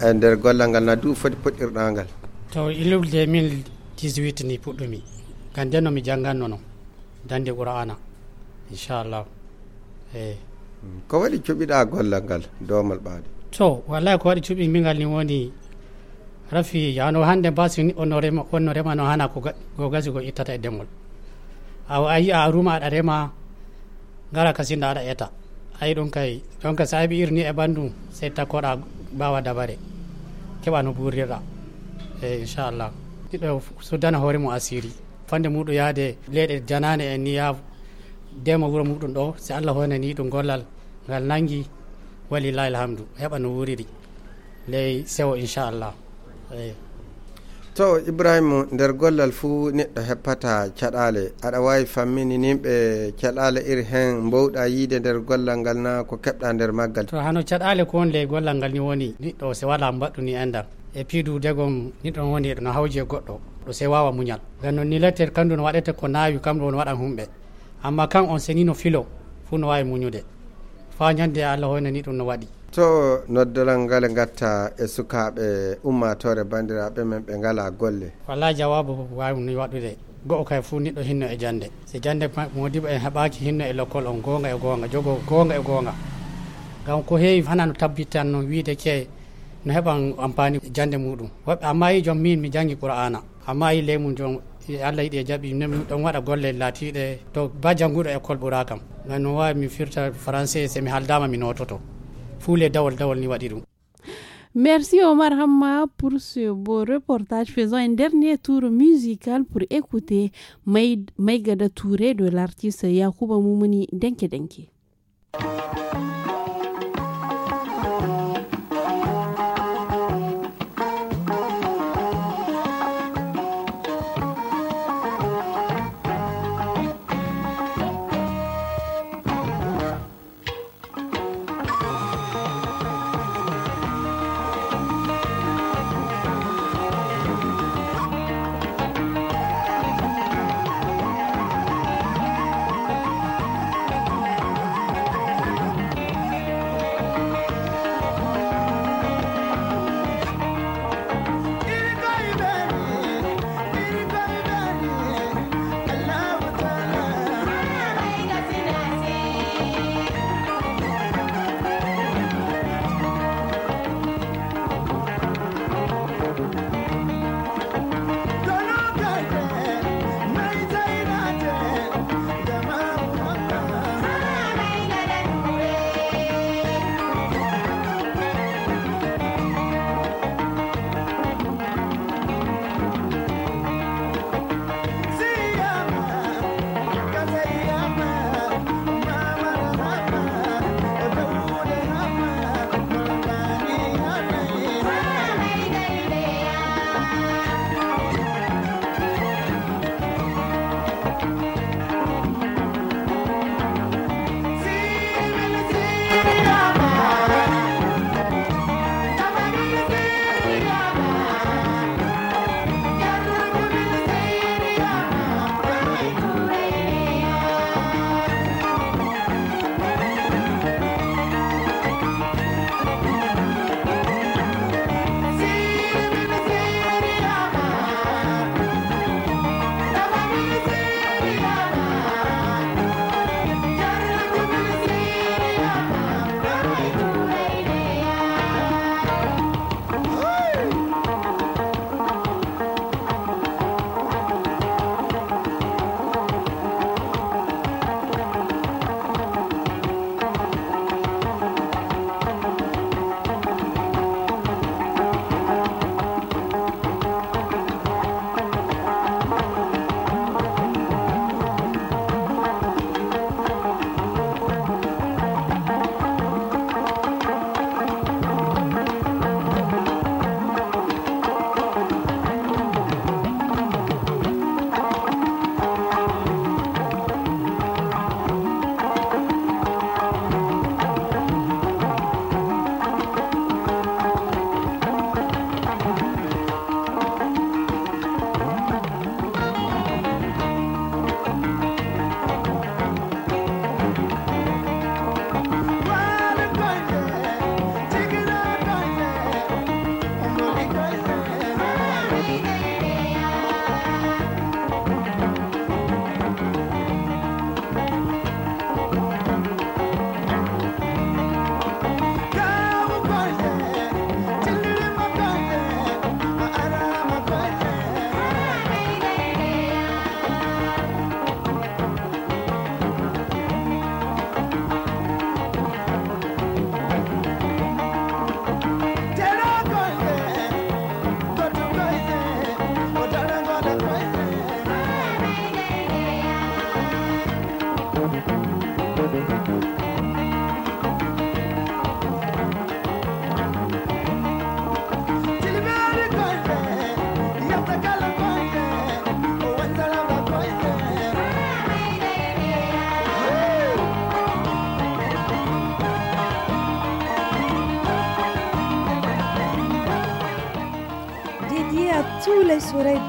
e nder gollal ngal na duuɓi foti poɗɗirɗa ngal to ilul 2018 ni puɗɗumi gam kan no mi janganno dande qur'ana inchallahu Eh. Mm, ko waɗi cuɓiɗa gollal ngal domal ɓaade to wallahi ko waɗi cuɓi mingal ni woni rafi yano hande basi ni onorema no hana ko gasi ko ittata e demol a yi a ruma aɗa rema ngara kasinda aɗa eta ayi ɗon kay donc so heɓi irni e sai ta takkoɗa bawa dabare keɓa no burirɗa allah. E inchallah ɗiɗo suddana hoore asiri fande muɗum yaade leyɗe janane en niya dema wuro muɗum ɗo so allah honani ɗum gollal ngal nangi walillahi alhamdu heɓa no wuriri ley sewo inchallah eyi to ibrahima nder gollal fuu neɗɗo heppata caɗaale aɗa waawi fammininimɓe caɗaale iri heen mbowɗa yiide nder gollal ngal na ko keɓɗa nder maggal to hano caɗaale ko won ley gollal ngal ni woni niɗɗo so waɗa mbaɗɗuni endal e piidudegom niɗon woni no hawji e goɗɗo ɗo se wawa muñal gan noon ni lettere kandu no waɗete ko naawi kamɗo on waɗan humɓe amma kan on seni no filo fu no wawi muñude fa ñande allah ni ɗum no waɗi to noddoral ngal gatta e sukaɓe ummatore bandiraɓe men ɓe ngala golle wala jawabu wawi ni waɗude go'o kay fuu niɗɗo hinno e jande si jande modibo en heɓaki hinno e lokkol on gonga e gonga jogo gonga e gonga gam ko heewi hana no tabbitan no wiide ke no heɓan ampani jande muɗum woɓɓe amma yi joom min mi jangi qur'ana amma yi ley mum joom allah yiɗi e jaaɓi ne ɗon waɗa golle laatiɗe to ba jannguɗo école ɓura kam no wawi mi firta français so mi haaldama mi nototo fuule dawol dawol ni waɗi ɗum Merci Omar Hamma pour ce beau reportage. Faisons un dernier tour musical pour écouter Maïgada Touré de l'artiste Yakuba Moumouni Denke Denke.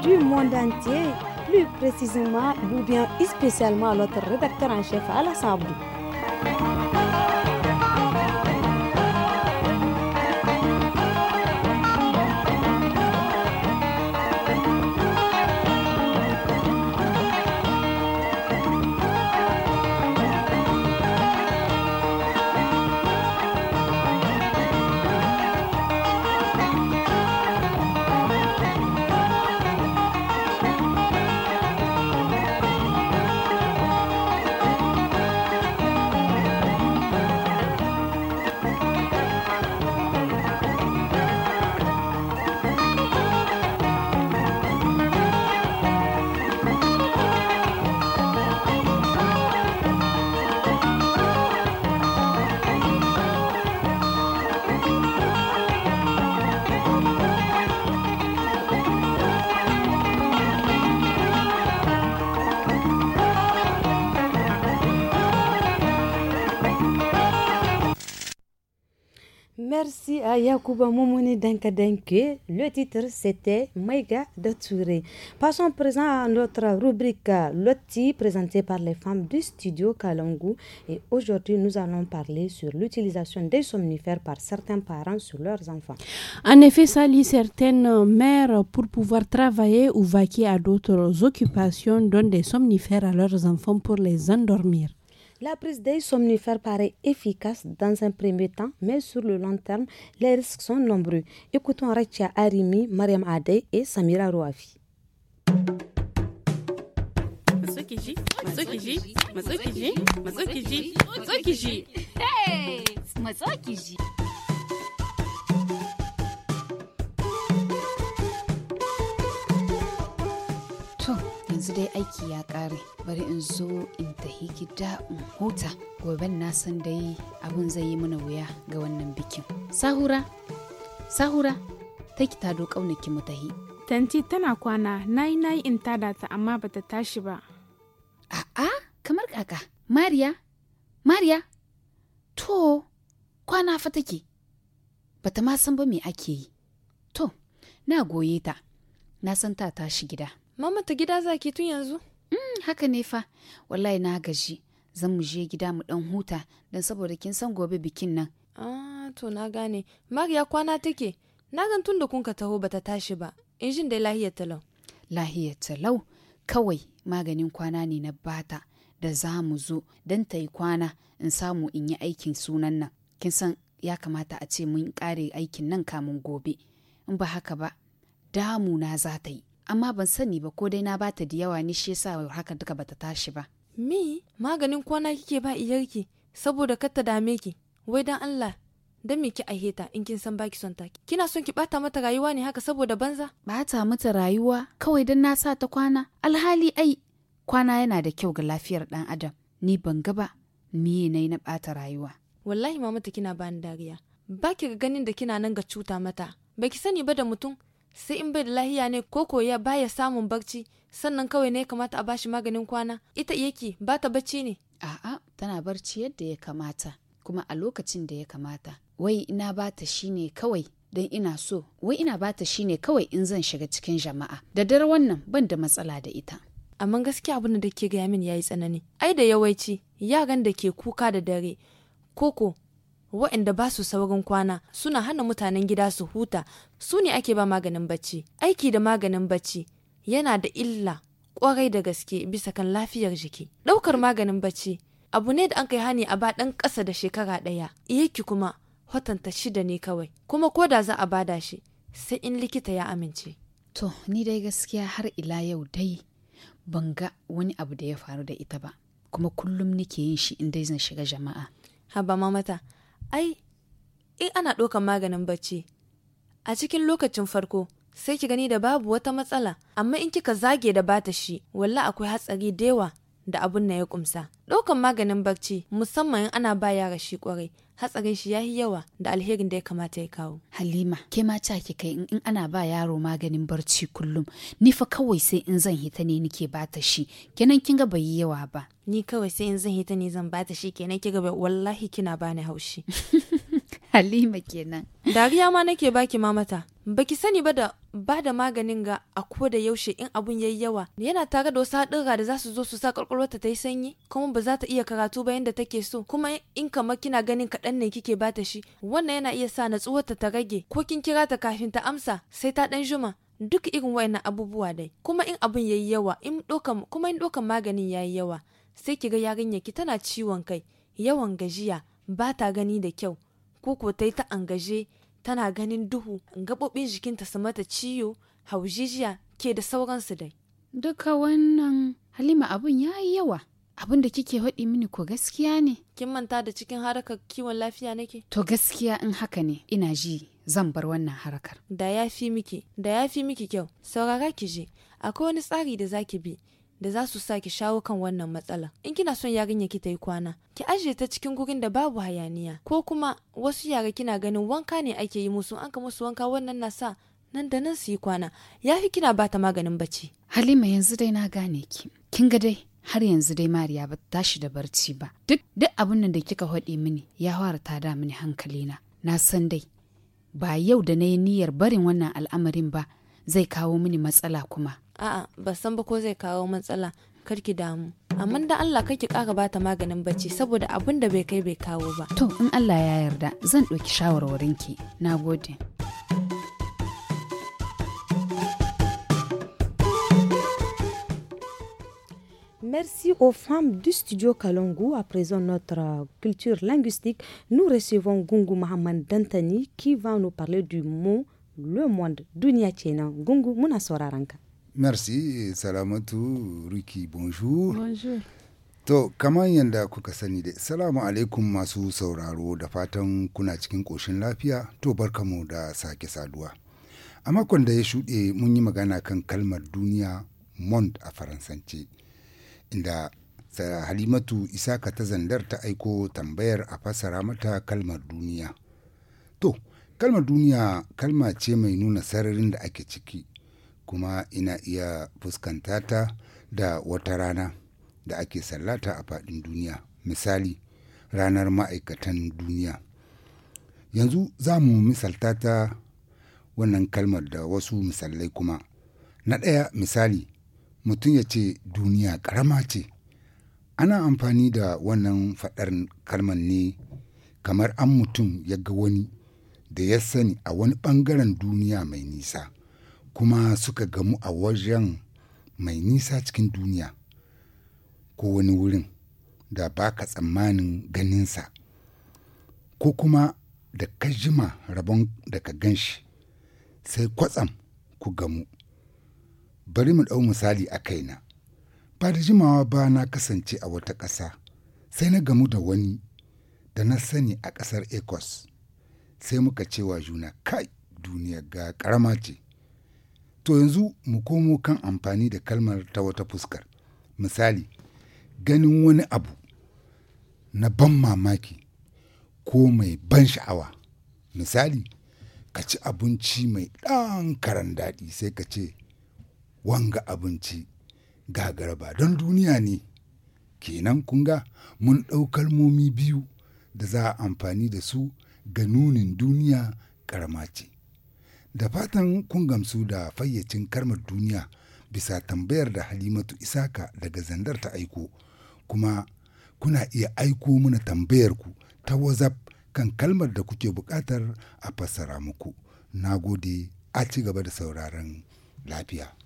du monde entier, plus précisément ou bien spécialement notre rédacteur en chef à l'Assemblée. Yakuba Le titre, c'était Maïga Datsure. Passons présent à notre rubrique Lotti, présentée par les femmes du studio Kalangu. Et aujourd'hui, nous allons parler sur l'utilisation des somnifères par certains parents sur leurs enfants. En effet, Sally, certaines mères, pour pouvoir travailler ou vaquer à d'autres occupations, donnent des somnifères à leurs enfants pour les endormir. La prise des somnifères paraît efficace dans un premier temps, mais sur le long terme, les risques sont nombreux. Écoutons Rachia Arimi, Mariam Adey et Samira Rouafi. Hey! yanzu dai aiki ya kare bari in zo in tahi gida in huta gobe na san dai abun zai yi mana wuya ga wannan bikin sahura sahura ta ki tado ƙaunaki mu tahi tanti tana kwana nayi nayi in tada ta amma bata tashi ba a'a kamar kaka mariya mariya to kwana fa take bata ma san ba me ake yi to na goye ta na san ta tashi gida Mama ta gida za ki tun yanzu? Mm, haka ne fa, wallahi na gaji. Zan mu je gida mu dan huta don saboda kin san gobe bikin nan. Ah, to na gane. Mariya kwana take. Na gan tun da kunka taho bata tashi ba. In jin dai lahiyar talau. Lahiyar talau kawai maganin kwana ne na bata da za mu zo don ta yi kwana in samu in yi aikin sunan nan. Kin san ya kamata a ce mun kare aikin nan kamun gobe. In ba haka ba, damuna za ta yi. amma ban sani ba ko dai na bata da yawa ne shi yasa haka duka bata tashi ba mi maganin kwana kike ba iyarki saboda kar ta dame ki wai dan Allah dan me ki aheta in kin san baki son ta kina son ki bata mata rayuwa ne haka saboda banza bata mata rayuwa kawai dan na sa ta kwana alhali ai kwana yana da kyau ga lafiyar dan adam ni ban ga ba miye yi na bata rayuwa wallahi mamata kina bani dariya baki ga ganin da kina nan ga cuta mata ki sani ba da mutum sai in bai da lahiya ne ko koya baya samun barci sannan kawai ne kamata a bashi maganin kwana ita yake ba ta barci ne a'a tana barci yadda ya kamata kuma a lokacin da ya kamata wai ina ba ta shine kawai dan ina so wai ina ba ta shine kawai in zan shiga cikin jama'a da dare wannan ban da matsala da ita amma gaskiya abin da ke gaya min yayi tsanani ai da yawaici yaran da ke kuka da dare koko waɗanda ba su saurin kwana suna hana mutanen gida su huta su ne ake ba maganin bacci aiki da maganin bacci yana da illa kwarai da gaske bisa kan lafiyar jiki ɗaukar maganin bacci abu ne da an kai hani a ba ɗan ƙasa da shekara ɗaya iyaki kuma hotanta shida ne kawai kuma ko da za a bada shi sai in likita ya amince to ni dai gaskiya har ila yau dai ban ga wani abu da ya faru da ita ba kuma kullum nike yin shi in dai zan shiga jama'a haba mamata ai in ana ɗaukan maganin bacci a cikin lokacin farko sai ki gani da babu wata matsala amma in kika zage da bata shi walla akwai hatsari da yawa da abun na ya ƙumsa. ɗaukan maganin bacci musamman in ana ba yara shi ƙwarai. hatsarin shi yi yawa da alherin da ya kamata ya kawo halima ke ma ta ki kai in ana ba yaro maganin barci kullum ni fa kawai sai in zan hita ne nike bata shi kenan kin ga bai yawa ba ni kawai sai in zan hita ne zan bata shi kenan kiga bai wallahi kina bani haushi halima kenan dariya ma nake baki mamata baki sani ba da ba da maganin ga a ko da yaushe in abun yayi yawa yana tare da wasu haɗurra da za su zo su sa ƙwaƙwalwarta ta yi sanyi kuma ba za ta iya karatu ba yadda take so kuma in kamar kina ganin kaɗan ne kike bata shi wannan yana iya sa natsuwarta ta rage ko kin kira ta kafin ta amsa sai ta ɗan juma duk irin na abubuwa dai kuma in abun yayi yawa in ɗaukan kuma in ɗokan maganin yayi yawa sai ki ga yarinyar tana ciwon kai yawan gajiya ba ta gani da kyau ko ko ta yi ta angaje tana ganin duhu gaɓoɓin jikinta su mata ciwo haujijiya ke da sauransu dai. Duka wannan Halima abun ya yi yawa. Abin da kike haɗi mini ko gaskiya ne. Kin manta da cikin harakar kiwon lafiya nake? To gaskiya in haka ne ina ji zan bar wannan harakar. Da ya fi miki, da ya fi miki kyau. Saurara ki je, akwai wani tsari da zaki bi. da za su sa ki shawo kan wannan matsalar. In kina son yarinya ki ta yi kwana, ki ajiye ta cikin gurin da babu hayaniya ko kuma wasu yara kina ganin wanka ne ake yi musu an ka musu wanka wannan na sa nan da nan su yi kwana ya fi kina ba ta maganin bacci. Halima yanzu dai na gane ki. Kin ga dai har yanzu dai Mariya ba ta tashi da barci ba. Duk duk abin nan da kika haɗe mini ya fara ta da mini na. Na san dai ba yau da na yi niyyar barin wannan al'amarin ba zai kawo mini matsala kuma. a'a ba san ba ko zai kawo matsala kar ki damu amma da Allah ki kaga bata maganin bacci saboda abin da bai kai bai kawo ba to in Allah ya yarda zan ɗauki shawarwarinki nagode Merci aux femmes du studio Kalongo. À présent, notre euh, culture linguistique, nous recevons Gungu Mohamed Dantani qui va nous parler du mot le monde. Dunia Gungu, Soraranka Merci, Salamatu Riki, bonjour. Bonjour. To, kamar yadda kuka sani dai, salamu alaikum masu sauraro da fatan kuna cikin ƙoshin lafiya, to barkamu da sake saduwa. A makon da ya shuɗe mun yi magana kan kalmar duniya mont a Faransance, inda Halimatu Isaka ta zandar ta aiko tambayar a fasara mata kalmar duniya. To, kalmar duniya kalma ce mai nuna sararin da ake ciki kuma ina iya fuskanta ta da wata rana da ake sallata a faɗin duniya misali ranar ma'aikatan duniya yanzu za mu misalta ta wannan kalmar da wasu misalai kuma na ɗaya misali mutum ya ce duniya ƙarama ce ana amfani da wannan faɗar kalmar ne kamar an mutum ya ga wani da ya sani a wani ɓangaren duniya mai nisa kuma suka gamu a wajen mai nisa cikin duniya ko wani wurin da baka tsammanin ganinsa ko kuma da ka jima rabon da ka gan shi sai kwatsam ku gamu bari mu ɗau misali a kaina ba da jimawa ba na kasance a wata ƙasa sai na gamu da wani da na sani a ƙasar ecos sai muka cewa juna kai duniya ga ƙarama ce To yanzu mu komo kan amfani da kalmar ta wata fuskar. Misali, ganin wani abu na ban mamaki ko mai ban sha'awa. Misali, ka ci abinci mai ɗan karan daɗi sai ka ce, wanga abinci ga garba don duniya ne. Kenan kunga mun ɗau kalmomi biyu da za a amfani da su ga nunin duniya ƙarama ce. Da fatan kun gamsu da fayyacin karmar duniya bisa tambayar da Halimatu Isaka daga zandar ta aiko, kuma kuna iya aiko mana tambayar ku ta wazaf kan kalmar da kuke buƙatar a fassara muku. Na gode a ci gaba da sauraron lafiya.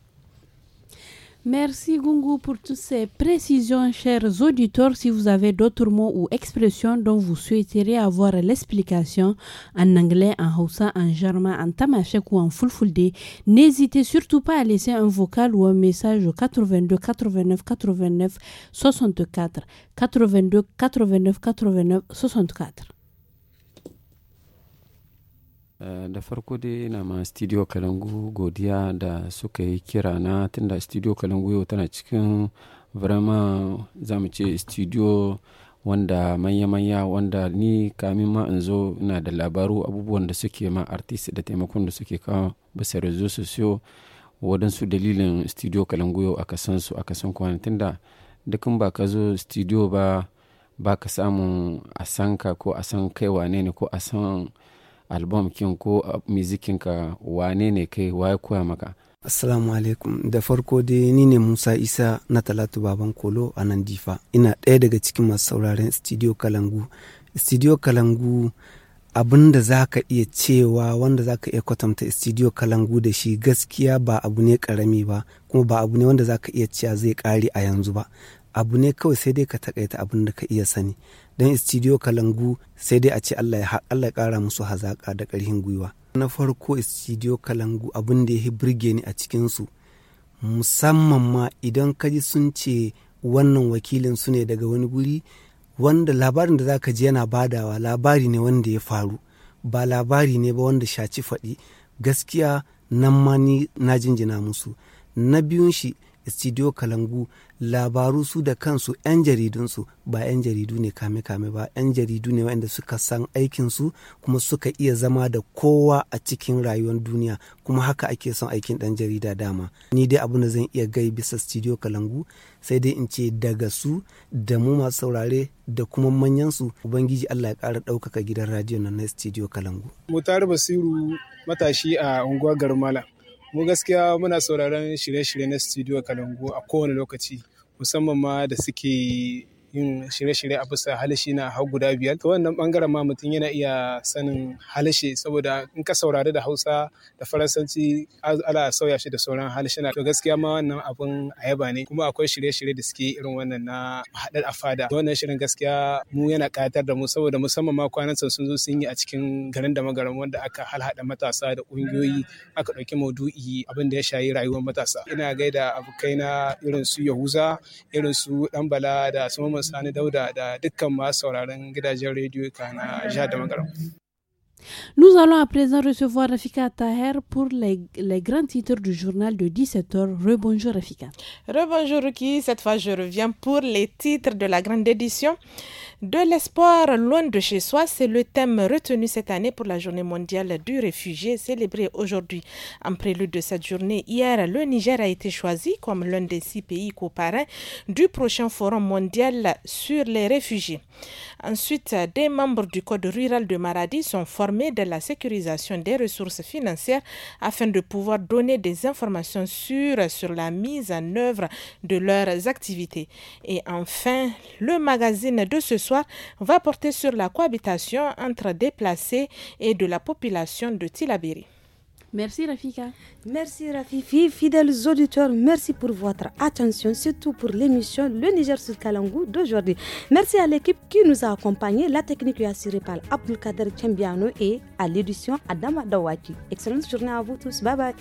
Merci Gungu pour toutes ces précisions, chers auditeurs. Si vous avez d'autres mots ou expressions dont vous souhaiterez avoir l'explication en anglais, en haussa, en germain, en tamashek ou en fulfulde, n'hésitez surtout pas à laisser un vocal ou un message au 82 89 89 64 82 89 89 64. Eh, da farko dai ina ma studio kalangu godiya da suka yi kira na tunda studio kalangu yau tana cikin vraiment za mu ce studio wanda manya-manya wanda ni kamin ma in zo ina da labaru abubuwan da suke ma artist da taimakon da suke kawo bisa rezo sosiyo waɗansu dalilin studio kalangu yau a kasan su a kasan kwana tunda dukkan ba ka zo studio ba ka samu a san ko a san kai wane ne ko a san album kin ko uh, musikin ka wane ne kai waye koya maka Assalamu alaikum da farko dai ni ne Musa Isa na Talatu Baban Kolo a nan Difa. Ina ɗaya daga cikin masu sauraren Studio Kalangu. Studio Kalangu abin da za ka iya cewa wanda za ka iya kwatanta studio kalangu da shi gaskiya ba abu ne karami ba kuma ba abu ne wanda za ka iya cewa zai kare a yanzu ba abu ne kawai sai dai ka takaita abin da ka iya sani don istidiyo kalangu sai dai a ce allah ya allah kara musu hazaka da karhin gwiwa na farko istidiyo kalangu abin da ya birge ni a cikinsu musamman ma idan ka ji sun ce wannan wakilin su ne daga wani guri wanda labarin da za ka ji yana badawa labari ne wanda ya faru ba labari ne ba wanda shaci faɗi gaskiya nan ma ni na jinjina musu na biyun shi studio kalangu labaru su da kansu 'yan jaridunsu ba 'yan jaridu ne kame-kame ba 'yan jaridu ne wanda suka san aikinsu kuma suka iya zama da kowa a cikin rayuwar duniya kuma haka ake son aikin ɗan jarida dama ni dai abin da zan iya gai bisa studio kalangu sai dai in ce daga su da mu masu saurare da kuma manyansu ubangiji allah ya ƙara ɗaukaka gidan radio na na studio kalangu mutare basiru matashi a unguwar garmala mu gaskiya muna sauraron shirye-shirye na studio kalangu a kowane lokaci musamman ma da suke yin shirye-shirye a bisa halishi na hau guda biyar to wannan bangaren ma mutum yana iya sanin halishi saboda in ka saurari da hausa da faransanci ala sauya shi da sauran halishi na to gaskiya ma wannan abun ayaba ne kuma akwai shirye-shirye da suke irin wannan na haɗar a fada wannan shirin gaskiya mu yana ƙayatar da mu saboda musamman ma kwanan sun zo sun yi a cikin garin da magaran wanda aka halhaɗa matasa da ƙungiyoyi aka ɗauki maudu'i abin da ya shayi rayuwar matasa ina gaida abokaina irin su yahuza irin su ɗanbala da su Nous allons à présent recevoir Rafika Taher pour les, les, grands titres du journal de 17h. Rebonjour Rafika. Rebonjour Ruki, cette fois je reviens pour les titres de la grande édition. De l'espoir loin de chez soi, c'est le thème retenu cette année pour la journée mondiale du réfugié célébrée aujourd'hui. En prélude de cette journée, hier, le Niger a été choisi comme l'un des six pays coparrains du prochain forum mondial sur les réfugiés. Ensuite, des membres du Code rural de Maradi sont formés de la sécurisation des ressources financières afin de pouvoir donner des informations sûres sur la mise en œuvre de leurs activités. Et enfin, le magazine de ce va porter sur la cohabitation entre déplacés et de la population de Tilabiri. Merci Rafika. Merci Rafifi, fidèles auditeurs, merci pour votre attention, surtout pour l'émission Le Niger sur Kalangou d'aujourd'hui. Merci à l'équipe qui nous a accompagnés, la technique est assurée par Abdelkader Tchembiano et à l'édition Adama Dawati. Excellente journée à vous tous, bye bye.